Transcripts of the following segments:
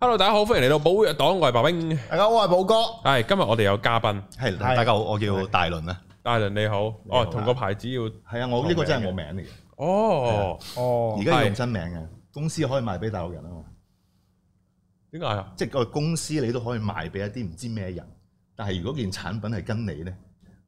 hello，大家好，歡迎嚟到寶藥黨，我係白兵。大家好，我係寶哥，係今日我哋有嘉賓，係大家好，我叫大倫啊，大倫你好，你好哦，同個牌子要係啊，我呢個真係我名嚟嘅。哦，的哦，而家要用真名嘅？的公司可以賣俾大陸人啊嘛，點解啊？即係個公司你都可以賣俾一啲唔知咩人，但係如果件產品係跟你咧，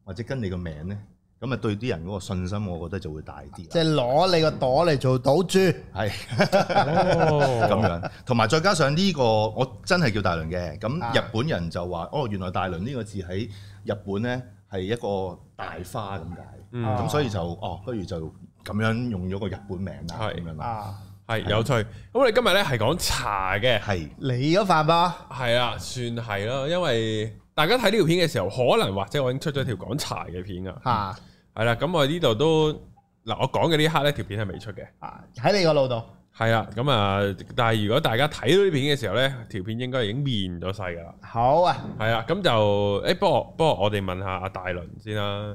或者跟你個名咧。咁咪對啲人嗰個信心，我覺得就會大啲。即係攞你個朵嚟做賭注，係咁樣。同埋再加上呢個，我真係叫大輪嘅。咁日本人就話：啊、哦，原來大輪呢個字喺日本咧係一個大花咁解。咁、啊、所以就哦，不如就咁樣用咗個日本名啦。咁是、啊、樣啦，係有趣。咁我哋今日咧係講茶嘅，係是你嗰瓣噃。係啊，算係囉，因為。大家睇呢條片嘅時候，可能或者我已經出咗條講茶嘅片噶。吓、啊，係啦，咁我呢度都嗱，我講嘅呢刻呢條片係未出嘅。啊，喺你個腦度。係啊，咁啊，但係如果大家睇到呢片嘅時候呢，條片應該已經變咗晒噶啦。好啊，係啊，咁就誒、欸，不過不過我哋問下阿大輪先啦，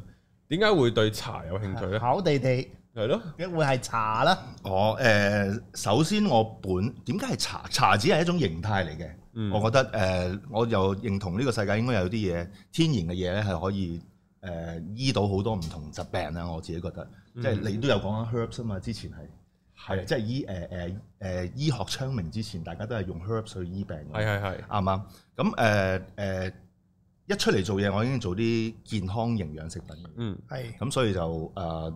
點解會對茶有興趣呢、啊？好地地，係咯的，會係茶啦。我誒、呃，首先我本點解係茶？茶只係一種形態嚟嘅。我覺得誒、呃，我又認同呢個世界應該有啲嘢天然嘅嘢咧，係可以誒醫、呃、到好多唔同疾病啊！我自己覺得，嗯、即係你都有講緊 herbs 啊嘛，之前係係即係醫誒誒誒醫學昌明之前，大家都係用 herbs 去醫病嘅，係係係啱唔啱？咁誒誒一出嚟做嘢，我已經做啲健康營養食品嗯係，咁所以就誒、呃、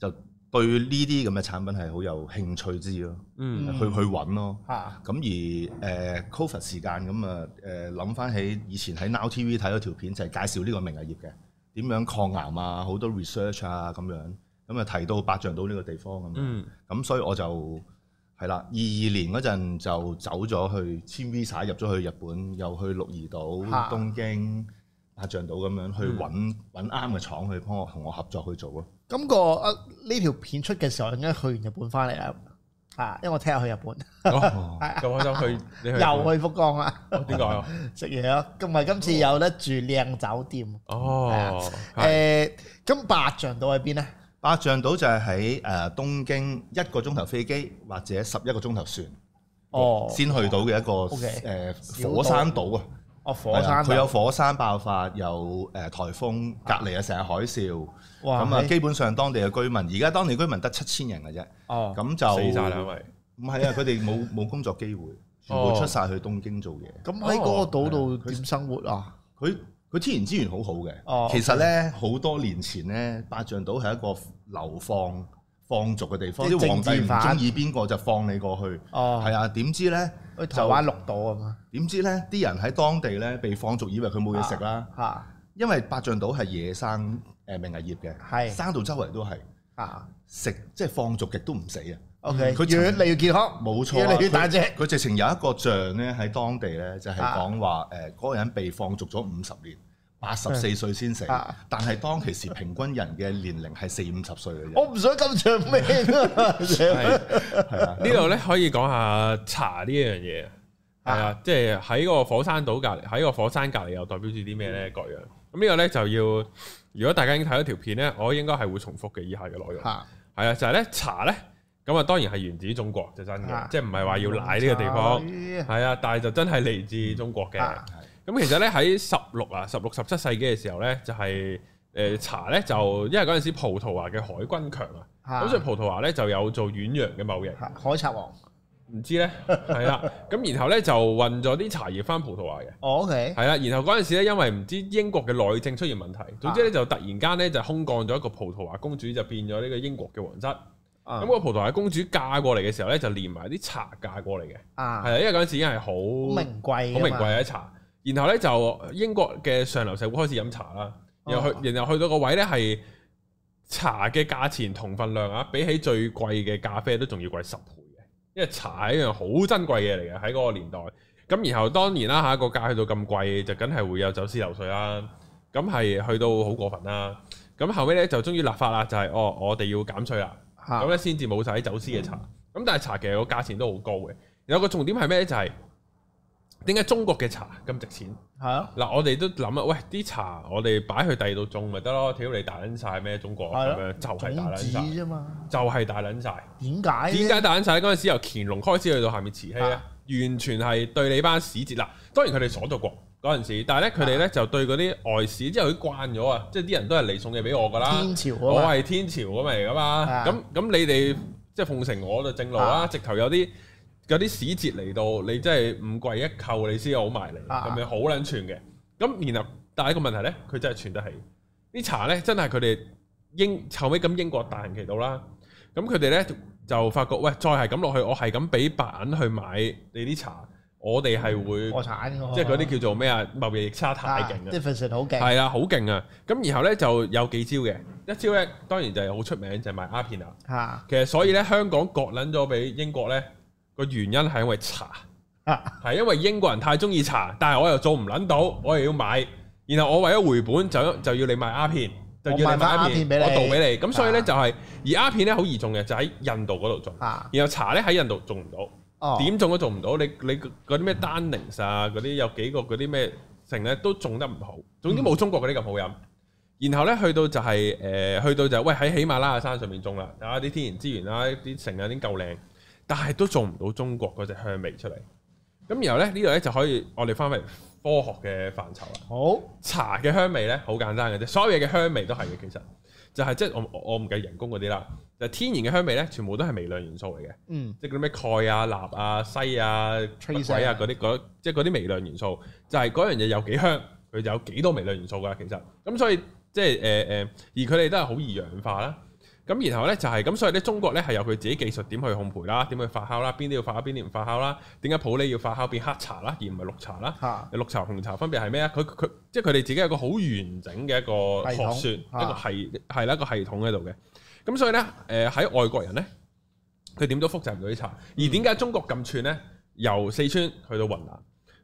就。對呢啲咁嘅產品係好有興趣之、嗯、去去咯，嗯、啊，去去揾咯，嚇、呃、咁而誒 COVID 時間咁啊誒諗翻起以前喺 now TV 睇咗條片就係介紹呢個明日葉嘅點樣抗癌啊，好多 research 啊咁樣，咁啊提到八丈島呢個地方咁，嗯，咁、啊、所以我就係啦，二二年嗰陣就走咗去簽 visa 入咗去日本，又去鹿兒島、啊、東京、八丈島咁樣去揾揾啱嘅廠去幫我同我合作去做咯。咁個啊呢條片出嘅時候，我已經去完日本翻嚟啦，嚇！因為我聽日去日本，咁開心去，又去福岡啦。點解？食嘢，咁咪今次有得住靚酒店。哦，誒，咁八丈島喺邊咧？八丈島就係喺誒東京一個鐘頭飛機或者十一個鐘頭船，哦，先去到嘅一個誒火山島啊！哦，火山，佢有火山爆發，有誒颱風，隔離啊成日海嘯，咁啊基本上當地嘅居民，而家當地居民得七千人嘅啫，哦，咁就死晒啦，喂。唔係啊，佢哋冇冇工作機會，全部出晒去東京做嘢。咁喺嗰個島度點生活啊？佢佢天然資源好好嘅，其實咧好多年前咧，八丈島係一個流放放逐嘅地方，啲皇帝唔中意邊個就放你過去，哦，係啊，點知咧？去台灣綠島啊嘛，點知咧啲人喺當地咧，被放逐，以為佢冇嘢食啦。吓、啊，因為八丈島係野生誒明日葉嘅，是生到周圍都係。吓、啊，食即係放逐極都唔死啊。OK，佢陳越嚟越健康，冇錯，越嚟越大隻。佢直情有一個像咧喺當地咧，就係講話誒嗰個人被放逐咗五十年。八十四歲先死，但係當其時平均人嘅年齡係四五十歲嘅。我唔想咁長命啊！係啊，呢度咧可以講下茶呢一樣嘢啊，係啊，即係喺個火山島隔籬，喺個火山隔籬又代表住啲咩咧？各樣咁呢個咧就要，如果大家已經睇到條片咧，我應該係會重複嘅以下嘅內容。係啊，就係咧茶咧，咁啊當然係源自中國就真嘅，即係唔係話要賴呢個地方係啊，但係就真係嚟自中國嘅。咁其實咧喺十六啊、十六十七世紀嘅時候咧，就係、是、誒茶咧就因為嗰陣時葡萄牙嘅海軍強啊，咁所以葡萄牙咧就有做遠洋嘅貿易。海賊王唔知咧，係啦。 咁然後咧就運咗啲茶葉翻葡萄牙嘅。哦 OK。係啦，然後嗰陣時咧，因為唔知英國嘅內政出現問題，總之咧就突然間咧就空降咗一個葡萄牙公主，就變咗呢個英國嘅王室。咁、啊、個葡萄牙公主嫁過嚟嘅時候咧，就連埋啲茶嫁過嚟嘅。啊，係啊，因為嗰陣時已經係好名貴，好名貴嘅茶。然後咧就英國嘅上流社會開始飲茶啦，啊，然後去然後去到個位咧係茶嘅價錢同份量啊，比起最貴嘅咖啡都仲要貴十倍嘅，因為茶係一樣好珍貴嘅嘢嚟嘅喺嗰個年代。咁然後當然啦吓，個價去到咁貴就梗係會有走私漏稅啦，啊，咁係去到好過分啦、啊。咁後尾咧就終於立法啦，就係、是、哦我哋要減稅啦，咁咧先至冇晒走私嘅茶。咁、嗯、但係茶其實個價錢都好高嘅。有個重點係咩咧？就係、是。點解中國嘅茶咁值錢？係啊，嗱，我哋都諗啊，喂，啲茶我哋擺去第二度種咪得咯，屌你大捻晒咩？中國咁樣就係大捻晒啫嘛，就係大捻晒。點解？點解大捻晒？嗰陣時由乾隆開始去到下面慈禧咧，完全係對你班使節啦。當然佢哋鎖咗國嗰陣時，但係咧佢哋咧就對嗰啲外使，之後佢慣咗啊，即係啲人都係嚟送嘢俾我噶啦。朝我係天朝咁嚟噶嘛？咁咁你哋即係奉承我就正路啦，直頭有啲。有啲使節嚟到，你真係五貴一扣，你先好埋嚟，咁咪好撚串嘅？咁然後第一個問題咧，佢真係串得起啲茶咧，真係佢哋英後尾咁英國大行其道啦。咁佢哋咧就發覺，喂，再係咁落去，我係咁俾白銀去買你啲茶，我哋係會破產，即係嗰啲叫做咩啊，貿易逆差太勁啊 deficit 好勁，係啊，好勁啊。咁然後咧就有幾招嘅，一招咧當然就係好出名，就係賣鴉片啊。其實所以咧，香港割撚咗俾英國咧。個原因係因為茶，係、啊、因為英國人太中意茶，但係我又做唔撚到，我又要買，然後我為咗回本就就要你買鴉片，就要買鴉片我倒俾你。咁、啊嗯、所以、就是、呢，就係，而鴉片呢好易種嘅，就喺印度嗰度種。啊、然後茶呢喺印度種唔到，啊、點種都種唔到。你你嗰啲咩丹寧啊，嗰啲有幾個嗰啲咩城咧都種得唔好，總之冇中國嗰啲咁好飲。嗯、然後呢，去到就係、是、誒、呃，去到就是、喂喺喜馬拉雅山上面種啦，啊啲天然資源啦，啲城有啲夠靚。但係都做唔到中國嗰隻香味出嚟，咁然後咧，呢度咧就可以我哋翻翻科學嘅範疇啦。好，茶嘅香味咧好簡單嘅啫，所有嘢嘅香味都係嘅，其實就係即係，我我唔計人工嗰啲啦，就天然嘅香味咧全部都係微量元素嚟嘅。嗯，即係嗰啲咩鈣啊、鈉啊、硒啊、鋅啊嗰啲，即係嗰啲微量元素，就係嗰樣嘢有幾香，佢就有幾多微量元素㗎其實。咁所以即係誒誒，而佢哋都係好易氧化啦。咁然後咧就係、是、咁，所以咧中國咧係由佢自己技術點去烘焙啦，點去發酵啦，邊啲要發酵，邊啲唔發酵啦？點解普洱要發酵變黑茶啦，而唔係綠茶啦？啊、綠茶紅茶分別係咩啊？佢佢即係佢哋自己有個好完整嘅一個學説，系統啊、一個係係啦，一個系統喺度嘅。咁所以咧，誒、呃、喺外國人咧，佢點都複製唔到啲茶。而點解中國咁串咧？由四川去到雲南。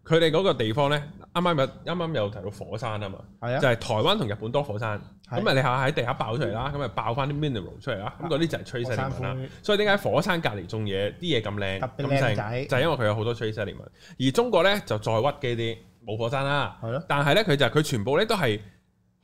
佢哋嗰個地方咧，啱啱咪啱啱又提到火山啊嘛，就係台灣同日本多火山，咁咪你下喺地下爆出嚟啦，咁咪爆翻啲 mineral 出嚟啦，咁嗰啲就係 trace element 啦。所以點解火山隔離種嘢啲嘢咁靚咁就係因為佢有好多 trace element 而中國咧就再屈機啲冇火山啦，但係咧佢就佢全部咧都係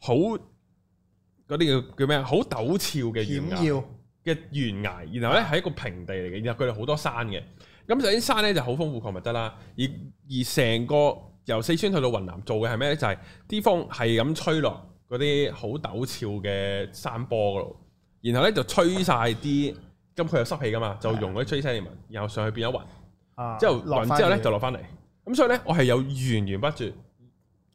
好嗰啲叫叫咩啊？好陡峭嘅懸崖嘅懸崖，然後咧係一個平地嚟嘅，然後佢哋好多山嘅。咁首先山咧就好豐富礦物質啦，而而成個由四川去到雲南做嘅係咩咧？就係、是、啲風係咁吹落嗰啲好陡峭嘅山坡嗰度，然後咧就吹晒啲，咁佢、 嗯、有濕氣噶嘛，就融嗰啲 trace element 然後上去變咗雲，啊、後雲之後雲之後咧就落翻嚟，咁所以咧我係有源源不絕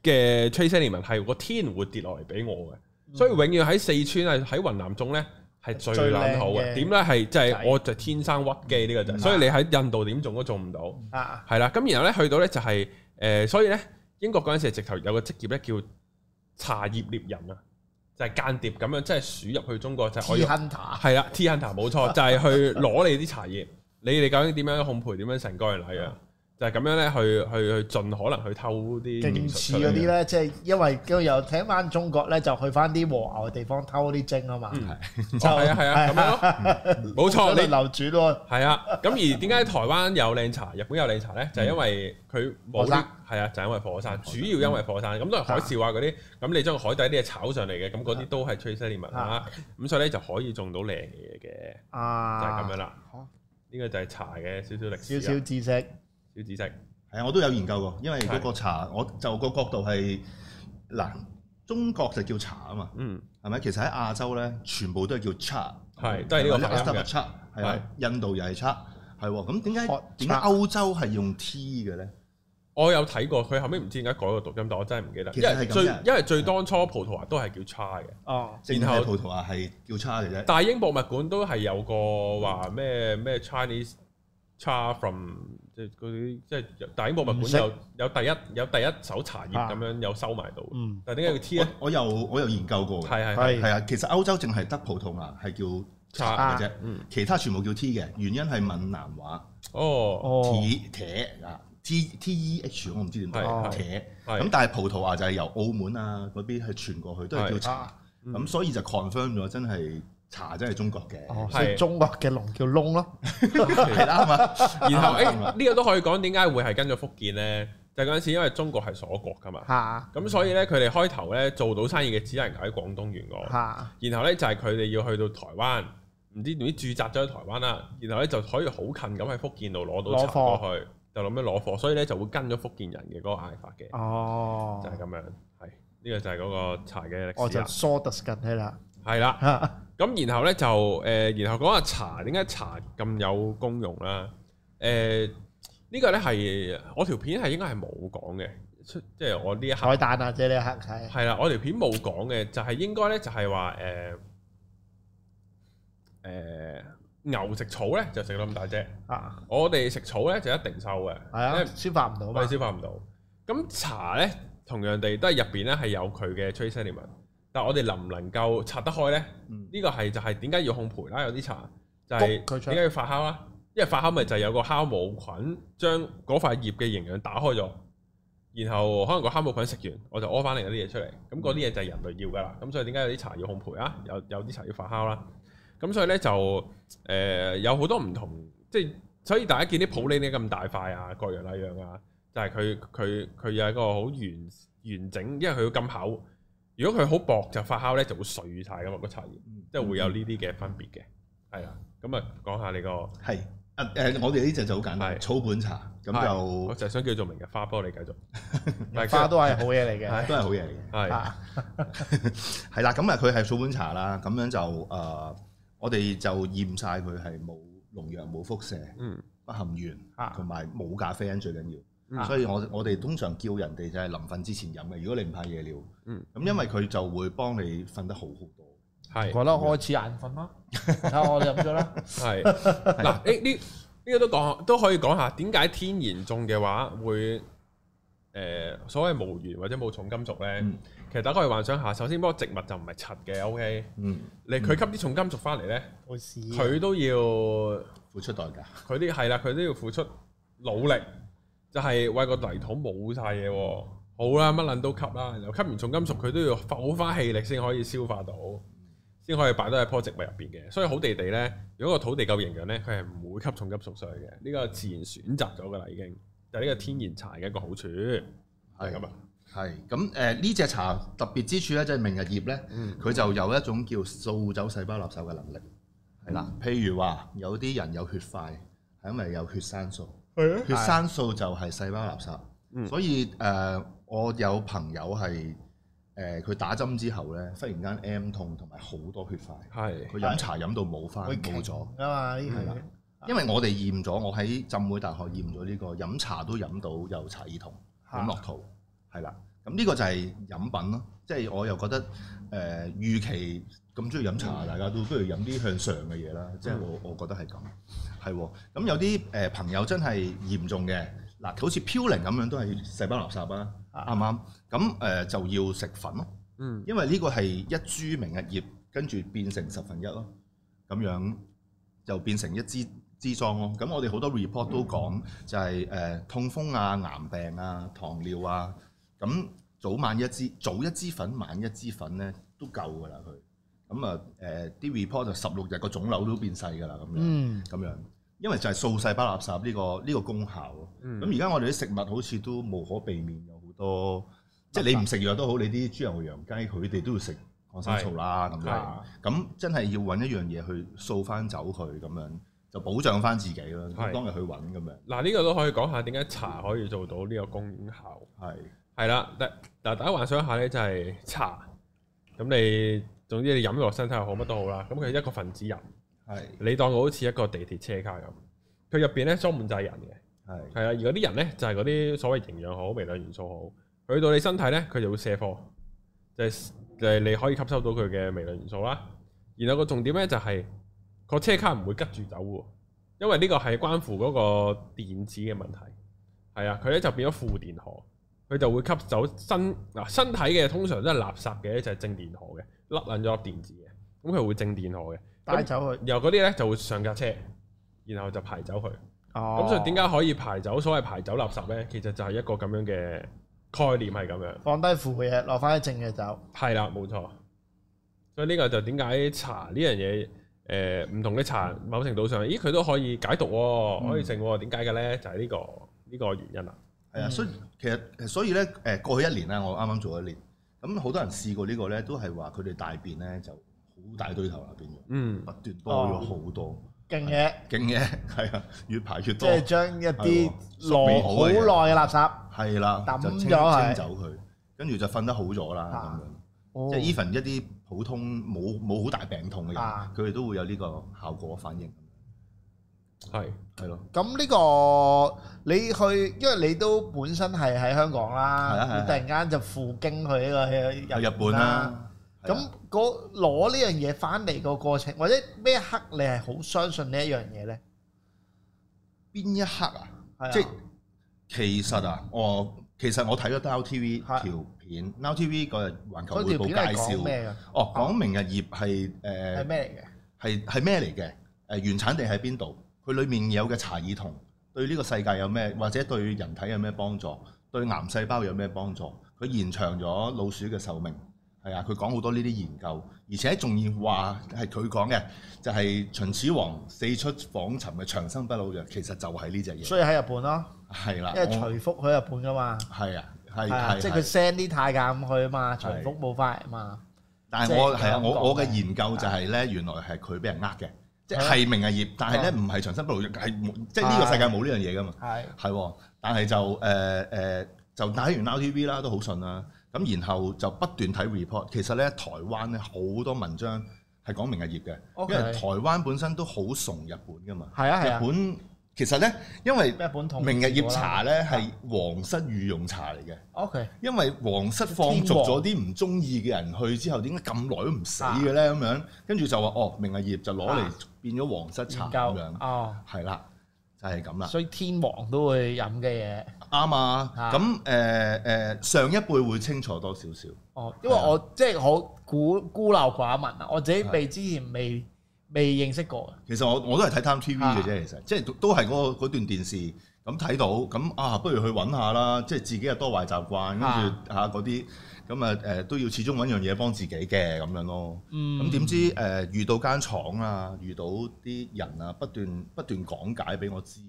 嘅 trace element 係個天會跌落嚟俾我嘅，所以永遠喺四川係喺雲南種咧。嗯係最難好嘅，點咧係即係我就天生屈機呢個就，所以你喺印度點做都做唔到，係啦。咁然後咧去到咧就係誒，所以咧英國嗰陣時直頭有個職業咧叫茶葉獵人啊，就係、係、間諜咁樣即係鼠入去中國就可以，係啦，tea hunter 冇的錯 就係去攞你啲茶葉，你哋究竟點樣烘焙，點樣成個嚟嘅？啊就係咁樣咧，去去去，盡可能去偷啲，似嗰啲咧，即係因為又有聽翻中國咧，就去翻啲和牛嘅地方偷啲精啊嘛。係啊係啊，咁樣冇錯。你樓主喎，係啊。咁而點解台灣有靚茶，日本有靚茶咧？就係因為佢冇啦。係啊，就因為火山，主要因為火山。咁當然海嘯啊嗰啲。咁你將海底啲嘢炒上嚟嘅，咁嗰啲都係催生物啊。咁所以咧就可以種到靚嘅嘢嘅。啊，就係咁樣啦。呢個就係茶嘅少少歷史，少少知識。叫紫色，係啊，我都有研究過，因為嗰個茶，的我就個角度係嗱，中國就叫茶啊嘛，嗯，係咪？其實喺亞洲咧，全部都係叫茶的，係都係呢個拉丁文，係啊，印度又係差，係咁點解點解歐洲係用 T 嘅咧？我有睇過，佢後尾唔知點解改個讀音，但我真係唔記得，因為最因為最當初葡萄牙都係叫茶嘅，哦、啊，然後葡萄牙係叫茶嚟啫，大英博物館都係有個話咩咩 Chinese cha from。即係嗰即係大英博物館有有第一有第一手茶葉咁樣有收埋到。嗯，但點解叫 T 咧？我又我又研究過。係係係啊，其實歐洲淨係得葡萄牙係叫茶嘅啫，其他全部叫 T 嘅。原因係閩南話哦，鐵鐵啊，T T E H，我唔知點解。鐵咁。但係葡萄牙就係由澳門啊嗰邊係傳過去，都係叫茶。咁所以就 confirm 咗，真係。茶真係中國嘅，係、哦、中國嘅窿叫窿咯，然後誒，呢、欸、 個都可以講點解會係跟咗福建咧？就嗰、是、陣時因為中國係鎖國㗎嘛，嚇、啊。咁所以咧，佢哋、嗯、開頭咧做到生意嘅只能喺廣東沿岸，啊、然後咧就係佢哋要去到台灣，唔知點知駐紮咗喺台灣啦。然後咧就可以好近咁喺福建度攞到茶過去，攞貨？就諗咩攞貨？所以咧就會跟咗福建人嘅嗰個嗌法嘅。哦，就係咁樣，係呢、這個就係嗰個茶嘅歷史就疏啦。係啦，咁然後咧就誒、呃，然後講下茶，點解茶咁有功用啦？誒、呃、呢、這個咧係我條片係應該係冇講嘅，即係我呢一刻。海膽啊，即係呢一刻係。係啦，我條片冇講嘅，就係、是、應該咧就係話誒、誒、呃呃，牛食草咧就食得咁大隻。啊、我哋食草咧就一定瘦嘅。係啊的，消化唔到嘛。消化唔到。咁茶咧，同樣地都係入邊咧係有佢嘅 trace element 但我哋能唔能夠拆得開咧？呢、嗯、個係就係點解要烘焙啦？有啲茶就係點解要發酵啦？因為發酵咪就係有個酵母菌將嗰塊葉嘅營養打開咗，然後可能個酵母菌食完，我就屙翻嚟嗰啲嘢出嚟。咁嗰啲嘢就係人類要㗎啦。咁所以點解有啲茶要烘焙啊？有有啲茶要發酵啦。咁所以咧就誒、呃、有好多唔同，即、就、係、是、所以大家見啲普洱呢咁大塊啊，各樣啊樣啊，就係佢佢佢有一個好完完整，因為佢要咁厚。如果佢好薄就發酵咧就會碎曬咁啊，個茶葉，即係會有呢啲嘅分別嘅，係啦。咁啊講下你個係誒誒，我哋呢隻就好簡單，草本茶咁就我就係想叫做明日花波，你繼續，明日花都係好嘢嚟嘅，都係好嘢嚟嘅，係係啦。咁啊，佢係草本茶啦，咁樣就誒，我哋就驗晒佢係冇農藥、冇輻射、嗯、不含鉛，同埋冇咖啡因最緊要。所以我我哋通常叫人哋就係臨瞓之前飲嘅。如果你唔怕夜尿，咁因為佢就會幫你瞓得好好，係多我。係，覺得開始眼瞓啦，睇我哋飲咗啦。係嗱，呢呢呢個都講都可以講下點解天然種嘅話會誒、呃、所謂無鉛或者冇重金屬咧？嗯、其實大家可以幻想下，首先嗰個植物就唔係柒嘅，OK？嗯，嚟佢吸啲重金屬翻嚟咧，佢都要付出代價，佢啲係啦，佢都要付出努力。就係、是、喂、個泥土冇晒嘢，好啦，乜撚都吸啦，然後吸完重金屬佢都要花好翻氣力先可以消化到，先可以擺到喺棵植物入邊嘅。所以好地地咧，如果個土地夠營養咧，佢係唔會吸重金屬上去嘅。呢、這個自然選擇咗噶啦，已經就呢、是、個天然茶嘅一個好處係咁啊。係咁誒，呢隻樣、呃、茶特別之處咧，就係、是、明日葉咧，佢、嗯、就有一種叫掃走細胞垃圾嘅能力，係啦。嗯、譬如話有啲人有血塊，係因為有血栓素。血生素就係細胞垃圾，所以誒，我有朋友係誒，佢打針之後咧，忽然間 M 痛同埋好多血塊，佢飲茶飲到冇翻，冇咗啊啦，因為我哋驗咗，我喺浸會大學驗咗呢個飲茶都飲到有茶牙痛，飲落肚係啦。咁呢個就係飲品咯，即、就、係、是、我又覺得誒預、呃、期咁鍾意飲茶，大家都不如飲啲向上嘅嘢啦，即係、嗯、我我覺得係咁。係喎、哦，咁有啲誒、呃、朋友真係嚴重嘅，嗱、呃、好似飄零咁樣都係細胞垃圾啦、啊，啱唔啱？咁誒、呃、就要食粉咯、啊，嗯，因為呢個係一株明日葉跟住變成十分一咯、啊，咁樣就變成一支支裝咯。咁、啊、我哋好多 report 都講就係、是、誒、呃、痛風啊、癌病啊、糖尿啊。咁早晚一支，早一支粉，晚一支粉咧都夠㗎啦佢。咁啊誒、啲 report 就十六日個腫瘤都變細㗎啦咁樣，咁樣。因為就係掃細胞垃圾呢個呢個功效。咁而家我哋啲食物好似都無可避免有好多，即係你唔食藥都好，你啲豬牛羊雞佢哋都要食抗生素啦咁樣。咁真係要揾一樣嘢去掃翻走佢咁樣，就保障翻自己咯。當日去揾咁樣。嗱，呢個都可以講下點解茶可以做到呢個功效？係。係啦，嗱嗱，大家幻想一下咧、就係，就係茶咁。你總之你飲落身體又好，乜都好啦。咁佢實一個分子人係的你當佢好似一個地鐵車卡咁，佢入邊咧裝滿曬人嘅係係啊。而嗰啲人咧就係嗰啲所謂營養好、微量元素好去到你身體咧，佢就會卸貨，就係、係、就係、係、你可以吸收到佢嘅微量元素啦。然後個重點咧就係、係嗰個車卡唔會急住走嘅，因為呢個係關乎嗰個電子嘅問題係啊。佢咧就變咗負電荷。佢就會吸走身嗱身體嘅通常都係垃圾嘅就係、是、正電荷嘅甩爛咗粒電子嘅，咁佢會正電荷嘅帶走佢，然後嗰啲咧就會上架車，然後就排走佢。哦，咁所以點解可以排走所謂排走垃圾咧？其實就係一個咁樣嘅概念係咁樣，放低負嘅嘢，攞翻啲正嘅走。係啦，冇錯。所以呢個就點解茶呢樣嘢？誒、呃，唔同嘅茶，某程度上，咦，佢都可以解毒喎、哦，嗯、可以淨喎。點解嘅咧？就係、是、呢、這個呢、這個原因啦。係啊，所以其實所以咧誒，過去一年咧，我啱啱做一年，咁好多人試過呢個咧，都係話佢哋大便咧就好大堆頭入邊嘅，嗯，不斷多咗好多，勁嘢，勁嘢，係啊，越排越多，即係將一啲攞好耐嘅垃圾，係啦，抌走佢，跟住就瞓得好咗啦，咁樣，即係 even 一啲普通冇冇好大病痛嘅人，佢哋都會有呢個效果反應。係，係咯。咁呢個你去，因為你都本身係喺香港啦，你突然間就赴京去呢個日本啦。咁嗰攞呢樣嘢翻嚟個過程，或者咩一刻你係好相信呢一樣嘢咧？邊一刻啊？即係其實啊，我其實我睇咗 Now TV 條片，Now TV 個環球薈報介紹咩㗎？哦，講明日業係誒係咩嚟嘅？係係咩嚟嘅？誒原產地喺邊度？佢裏面有嘅查爾酮，對呢個世界有咩，或者對人體有咩幫助，對癌細胞有咩幫助？佢延長咗老鼠嘅壽命，係啊！佢講好多呢啲研究，而且仲要話係佢講嘅，就係秦始皇四出訪尋嘅長生不老藥，其實就係呢隻嘢。所以喺日本咯，係啦，因為徐福喺日本噶嘛。係啊，係係，即係佢 send 啲太監去啊嘛，徐福冇返嚟啊嘛。但係我係我我嘅研究就係咧，原來係佢俾人呃嘅。即係明日葉，但係咧唔係長生不老藥，係即係呢個世界冇呢樣嘢㗎嘛。係係的，但係就誒誒、呃呃，就打完 LTV 啦，都好信啦。咁然後就不斷睇 report，其實咧台灣咧好多文章係講明日葉嘅。Okay. 因為台灣本身都好崇日本㗎嘛。係啊係啊。本其實咧，因為明日葉茶咧係皇室御用茶嚟嘅。OK。因為皇室放逐咗啲唔中意嘅人去之後，點解咁耐都唔死嘅咧？咁樣、啊、跟住就話哦，明日葉就攞嚟變咗皇室茶咁樣、啊。哦，係啦，就係咁啦。所以天皇都會飲嘅嘢。啱啊。咁誒誒，上一輩會清楚多少少。哦，因為我即係好孤孤陋寡聞啊！我自己被之前未未認識過啊！其實我我都係睇 Time TV 嘅啫，其實、啊、即係都係嗰段電視咁睇到咁啊，不如去揾下啦，即係自己又多壞習慣，跟住啊嗰啲咁啊誒、嗯、都要始終揾樣嘢幫自己嘅咁樣咯。咁、嗯、點、嗯、知誒、呃、遇到間廠啊，遇到啲人啊不斷不斷講解俾我知，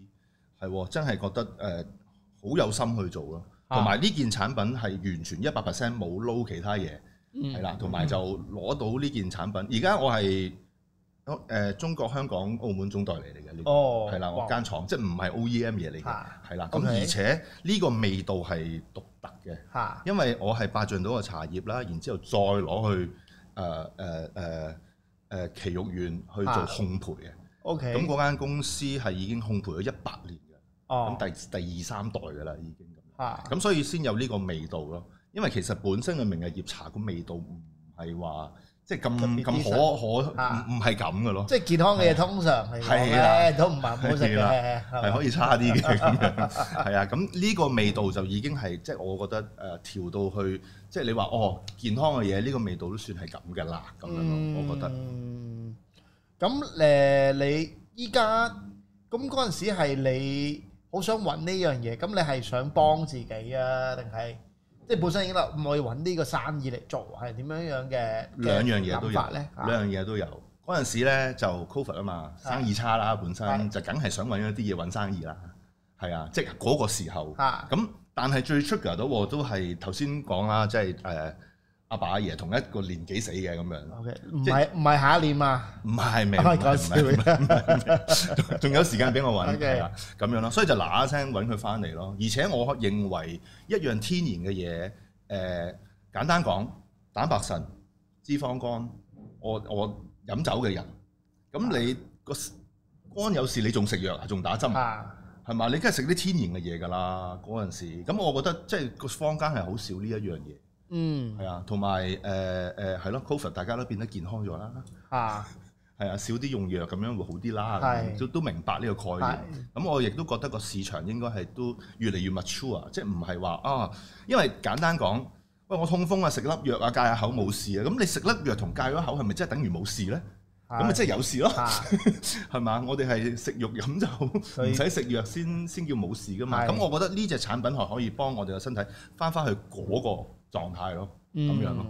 係、啊、真係覺得誒好、呃、有心去做咯。同埋呢件產品係完全一百 percent 冇撈其他嘢，係啦、嗯，同埋就攞到呢件產品。而家我係，嗯誒，中國香港、澳門總代理嚟嘅呢個係啦，我間廠、哦、哇 即係唔係 OEM 嘢嚟嘅，係啦、啊。咁而且呢個味道係獨特嘅，啊、因為我係八丈島嘅茶葉啦，然之後再攞去誒誒誒誒奇玉園去做烘焙嘅。O.K. 咁嗰間公司係已經烘焙咗一百年嘅，咁、啊、第第二三代嘅啦，已經咁。啊、所以先有呢個味道咯。因為其實本身嘅明日葉茶嘅味道唔係話。即係咁咁可可唔唔係咁嘅咯？即係健康嘅嘢通常係咩的都唔係唔好食嘅，係的可以差啲嘅咁樣。係啊，咁呢個味道就已經係即係我覺得誒調到去，即係你話哦健康嘅嘢呢個味道都算係咁嘅啦咁樣咯、嗯，我覺得。咁誒你依家咁嗰陣時係你好想搵呢樣嘢，咁你係想幫自己啊定係？即係本身已經啦，唔可以揾呢個生意嚟做，係點樣樣嘅？兩樣嘢都有，兩樣嘢都有。嗰陣時咧就 cover 啊嘛，生意差啦，本身的就梗係想揾一啲嘢揾生意啦，係啊，即係嗰個時候。咁的但係最出格到都係頭先講啦，即係誒。呃阿爸阿爺同一個年紀死嘅咁樣，唔係唔係下一年嘛？唔係是，明唔係講笑，仲 有時間俾我揾，咁 Okay. 樣咯。所以就嗱一聲揾佢翻嚟咯。而且我認為一樣天然嘅嘢，誒、呃、簡單講，蛋白質、脂肪肝，我我飲酒嘅人，咁你個肝有事你、啊，你仲食藥仲打針啊？係嘛？你梗係食啲天然嘅嘢㗎啦。嗰陣時，咁我覺得即係、就是、坊間係好少呢一樣嘢。嗯，係啊，同埋誒誒係咯，COVID 大家都變得健康咗啦，啊，係啊，少啲用藥咁樣會好啲啦，係是，都都明白呢個概念。咁是、嗯、我亦都覺得個市場應該係都越嚟越 mature 啊，即係唔係話啊，因為簡單講，喂，我痛風啊，食粒藥啊，戒下口冇事啊，咁你食粒藥同戒咗口係咪即係等於冇事咧？咁咪即係有事咯，係嘛？我哋係食肉飲酒唔使食藥先先叫冇事噶嘛。咁我覺得呢隻產品係可以幫我哋個身體翻返去嗰、那個，狀態咯，咁樣咯，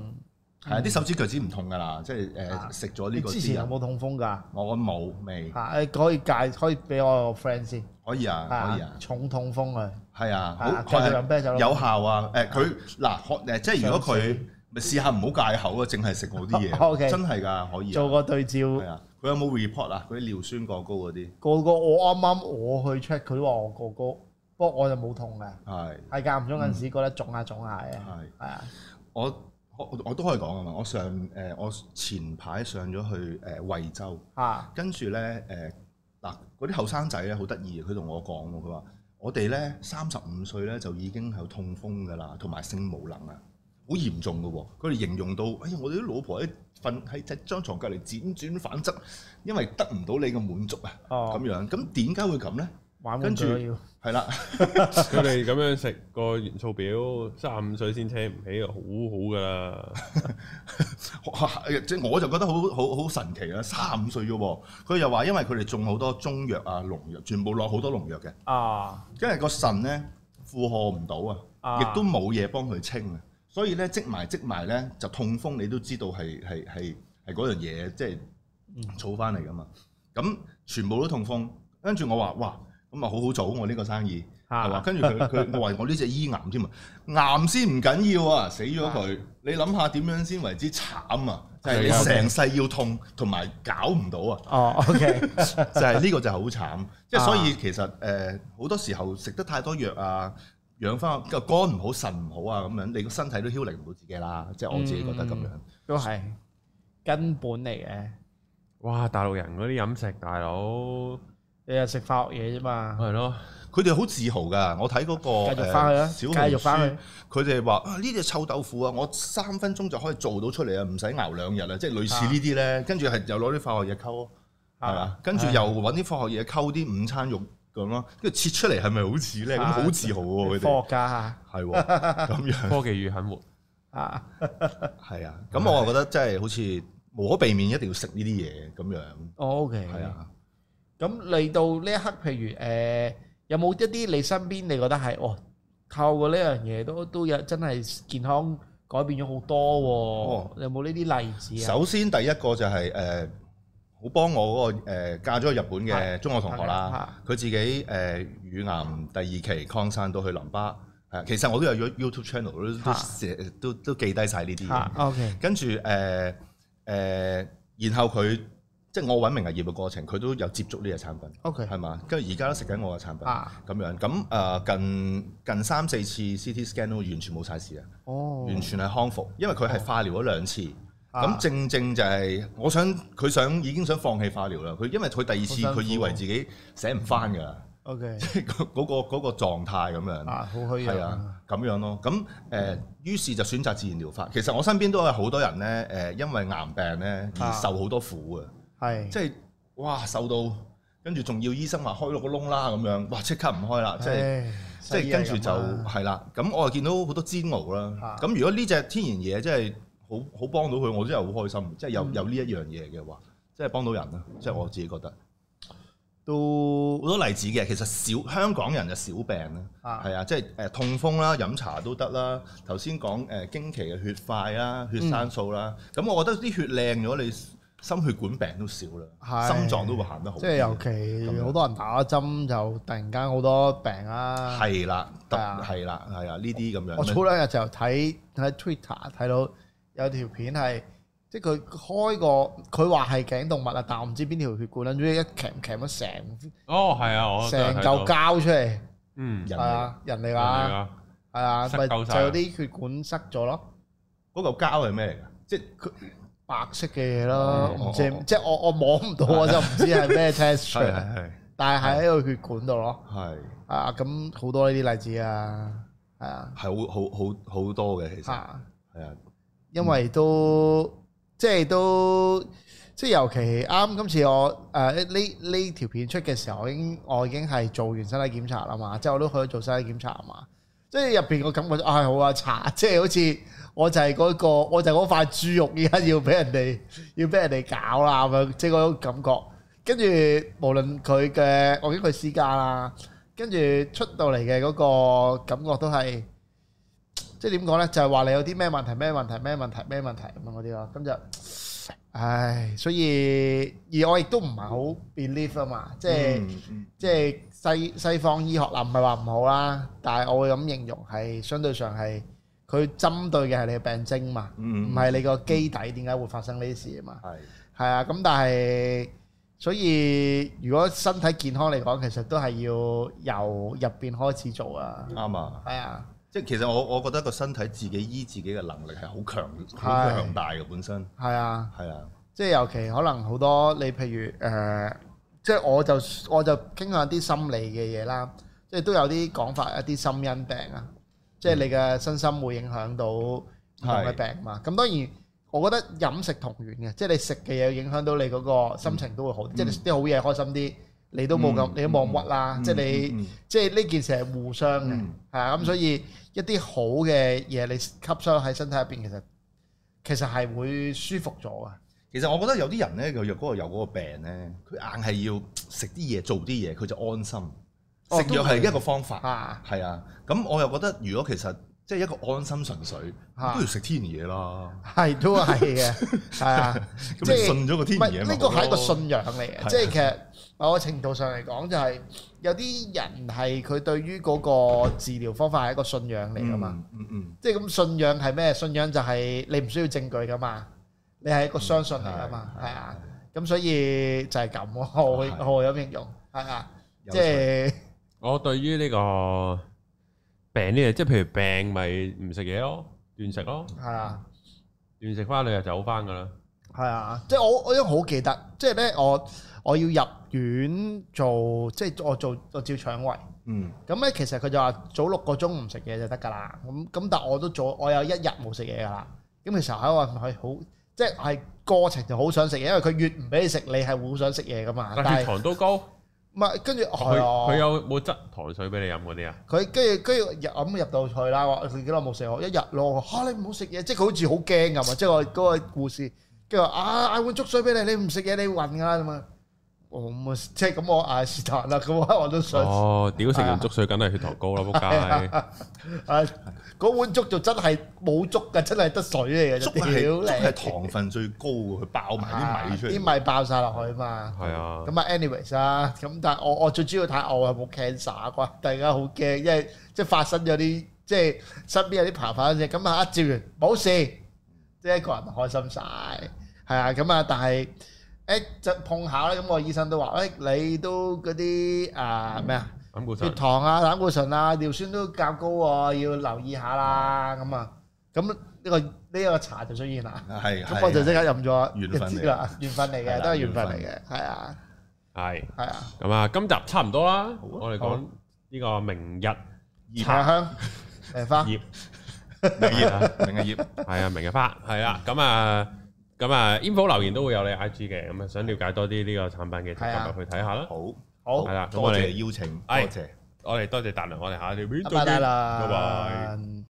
係啊，啲手指腳趾唔痛噶啦，即係誒食咗呢個之前有冇痛風㗎？我冇未，可以戒，可以俾我個 friend 先，可以啊，可以啊，重痛風啊，係啊，蓋咗兩啤酒咯，有效啊，誒佢嗱誒即係如果佢咪試下唔好戒口啊，淨係食我啲嘢，ok，真係㗎，可以做個對照，係啊，佢有冇 report 啊？嗰啲尿酸過高嗰啲，個個我啱啱我去 check，佢都話我過高。不過我就冇痛嘅，係係間唔中陣時覺得腫下腫下嘅，係係啊！我我我都可以講啊嘛！我上誒我前排上咗去誒惠州，呃呃、啊跟住咧誒嗱嗰啲後生仔咧好得意，佢、呃、同我講，佢話我哋咧三十五歲咧就已經係有痛風㗎啦，同埋性無能啊，好嚴重㗎喎！佢哋形容到哎呀，我哋啲老婆喺瞓喺張床隔離輾轉反側，因為得唔到你嘅滿足啊，咁、哦、樣咁點解會咁咧？跟住係啦，佢哋咁樣食個元素表，三五歲先清唔起，好好噶啦。即係 我就覺得好好好神奇啦，三五歲啫喎。佢又話因為佢哋種好多中藥啊、農藥，全部攞好多農藥嘅。啊，因為個腎咧負荷唔到啊，亦都冇嘢幫佢清啊，所以咧積埋積埋咧就痛風，你都知道係係係係嗰樣嘢，即係儲翻嚟噶嘛。咁、嗯、全部都痛風，跟住我話哇！咁啊，好好做我呢個生意，係嘛、啊？跟住佢佢話：我呢隻醫癌先嘛，啊、癌先唔緊要啊，死咗佢。啊、你諗下點樣先為之慘啊？就係、是、你成世要痛，同埋搞唔到啊！哦、啊，OK， 就係呢個就係好慘。即係、啊、所以其實誒，好、呃、多時候食得太多藥啊，養翻個肝唔好、腎唔好啊，咁樣你個身體都僥倖唔到自己啦。即、就、係、是、我自己覺得咁樣、嗯、都係根本嚟嘅。哇！大陸人嗰啲飲食大佬。你又食化學嘢啫嘛？係咯，佢哋好自豪噶。我睇嗰個小紅書，佢哋話啊呢隻臭豆腐啊！我三分鐘就可以做到出嚟啊，唔使熬兩日啊。即係類似呢啲咧，跟住係又攞啲化學嘢溝，係嘛？跟住又揾啲化學嘢溝啲午餐肉咁咯。跟住切出嚟係咪好似咧？咁好自豪喎，佢哋科學家係喎咁樣。科技與狠活啊，係啊。咁我覺得真係好似無可避免，一定要食呢啲嘢咁樣。OK，係啊。咁嚟到呢一刻，譬如誒、呃，有冇一啲你身邊，你覺得係哦，透過呢樣嘢都都有真係健康改變咗好多喎、哦？哦、有冇呢啲例子啊？首先第一個就係、是、誒，好、呃、幫我嗰個、呃、嫁咗去日本嘅中學同學啦，佢、啊 okay, 啊、自己誒乳癌第二期擴散、啊、到去淋巴，係、啊、其實我都有咗 YouTube channel 都、啊、都都都記低晒呢啲。OK，跟住誒誒，然後佢。即係我揾名藝業嘅過程，佢都有接觸呢啲產品，係嘛 Okay.？跟住而家都食緊我嘅產品咁、啊、樣。咁、呃、誒近近三四次 CT scan 都完全冇晒事啊！哦、完全係康復，因為佢係化療咗兩次。咁、哦、正正就係、是、我想佢想，想已經想放棄化療啦。佢因為佢第二次佢以為自己寫唔翻㗎，即係嗰個嗰、那個狀態咁樣係啊，咁、啊、樣咯。咁、嗯、誒，於是就選擇自然療法。其實我身邊都有好多人咧，誒，因為癌病咧而受好多苦嘅。係，即係哇，瘦到跟住仲要醫生話開咗個窿啦咁樣，哇即刻唔開啦，即係即係跟住就係啦。咁我又見到好多煎熬啦。咁如果呢隻天然嘢真係好好幫到佢，我真係好開心。即係有有呢一樣嘢嘅話，即係幫到人啦。即係我自己覺得都好多例子嘅。其實少香港人就小病啦，係啊，即係誒痛風啦，飲茶都得啦。頭先講誒經期嘅血塊啦、血栓素啦，咁我覺得啲血靚咗你。心血管病都少啦，心臟都會行得好。即係尤其好多人打針就突然間好多病啊。係啦，係啦，係啊，呢啲咁樣。我早兩日就睇睇 Twitter 睇到有條片係，即係佢開個佢話係頸動脈啊，但係我唔知邊條血管，諗住一鉸鉸咗成。哦，係啊，我成嚿膠出嚟，嗯，係啊，人嚟㗎，係啊，就有啲血管塞咗咯。嗰嚿膠係咩嚟㗎？即係佢。白色嘅嘢咯，唔、嗯、知、哦、即係我、哦、我，我摸唔到我、啊、就唔知係咩 test 出嚟， 啊、但係喺一個血管度咯，係啊咁、啊啊、好，好，好多呢啲例子啊，係啊，係好好好好多嘅其實，係啊，因為都即係都即係尤其啱今次我誒呢呢條片出嘅時候，我已經我已經係做完身體檢查啦嘛，即係我都去咗做身體檢查嘛。即係入邊個感覺，啊好啊，茶，即係好似我就係嗰個，我就係嗰塊豬肉，而家要俾人哋要俾人哋搞啦咁樣，即係嗰種感覺。跟住無論佢嘅，我已經去私家啦。跟住出到嚟嘅嗰個感覺都係，即係點講咧？就係話你有啲咩問題，咩問題，咩問題，咩問題咁樣嗰啲咯。咁就，唉，所以而我亦都唔係好 believe 啊嘛，即係即係。西西方醫學啦，唔係話唔好啦，但係我會咁形容係相對上係佢針對嘅係你嘅病徵嘛，唔係、嗯、你個基底點解會發生呢啲事啊嘛。係係是啊，咁但係所以如果身體健康嚟講，其實都係要由入邊開始做、嗯、啊。啱啊。係啊，即係其實我我覺得個身體自己醫自己嘅能力係好強好強大嘅是本身。係啊。係啊。即係、啊、尤其可能好多你譬如誒。呃即係我就我就傾向一啲心理嘅嘢啦，即係都有啲講法，一啲心因病啊，即係你嘅身心會影響到唔同嘅病嘛。咁當然我覺得飲食同源嘅，即係你食嘅嘢影響到你嗰個心情都會好，即係啲好嘢開心啲，你都冇咁你都冇鬱啦。即係你即係呢件事係互相嘅，係啊。咁所以一啲好嘅嘢你吸收喺身體入邊，其實其實係會舒服咗啊。其實我覺得有啲人咧，佢若嗰個有嗰個病咧，佢硬係要食啲嘢做啲嘢，佢就安心。食藥係一個方法，係啊。咁、啊、我又覺得，如果其實即係一個安心純粹，不如食天然嘢咯。係都係嘅，係啊。即係信咗個天然嘢。呢個係一個信仰嚟嘅，即係、啊、其實某個程度上嚟講，就係有啲人係佢對於嗰個治療方法係一個信仰嚟噶嘛。嗯嗯。即係咁信仰係咩？信仰就係你唔需要證據噶嘛。你係一個相信嚟啊嘛，係啊，咁所以就係咁咯，我我有應用係啊，即係我對於呢個病呢嘢，即係譬如病咪唔食嘢咯，斷食咯，係啊，斷食翻你又走翻噶啦，係啊，即係我我都好記得，即係咧我我要入院做，即係我做我照腸胃，嗯，咁咧其實佢就話早六個鐘唔食嘢就得噶啦，咁咁但係我都早，我有一日冇食嘢噶啦，咁其實喺我係好。即係過程就好想食嘢，因為佢越唔俾你食，你係會好想食嘢噶嘛。但係是但糖都高，唔係跟住佢佢有冇擠糖水俾你飲嗰啲啊？佢跟住跟住入咁入到去啦，幾耐冇食我一日咯嚇，你唔好食嘢，即係佢好似好驚咁啊！即係嗰個故事，跟住話啊嗌碗粥水俾你，你唔食嘢你暈㗎嘛。咁啊，即係咁我啊是但啦，咁啊我都想哦，屌食完粥水梗係血糖高啦，仆街！啊，嗰碗粥就真係冇粥噶，真係得水嚟嘅，粥係糖分最高嘅，佢爆埋啲米出嚟，啲米爆晒落去啊嘛，係啊。咁啊，anyways 啦，咁但係我我最主要睇我有冇 cancer 啩？大家好驚，因為即係發生咗啲，即係身邊有啲麻煩先。咁啊，一照完冇事，即係一個人開心晒，係啊。咁啊，但係。誒就碰巧啦，咁我醫生都話誒你都嗰啲誒咩啊？膽固醇、血糖啊、膽固醇啊、尿酸都較高喎，要留意下啦。咁啊，咁呢個呢個茶就出現啦。係，咁我就即刻飲咗。緣分啦，緣分嚟嘅，都係緣分嚟嘅。係啊，係。係啊。咁啊，今集差唔多啦。我哋講呢個明日茶香，花葉，明日啊，明日葉。係啊，明日花。係啦，咁啊。咁啊 info 留言都會有你 IG 嘅，咁、嗯、啊想了解多啲呢個產品嘅，就、啊、去睇下啦。好，好，係啦了，我哋邀請，多謝、哎、我哋多謝大輪，我哋下條片再見，拜拜。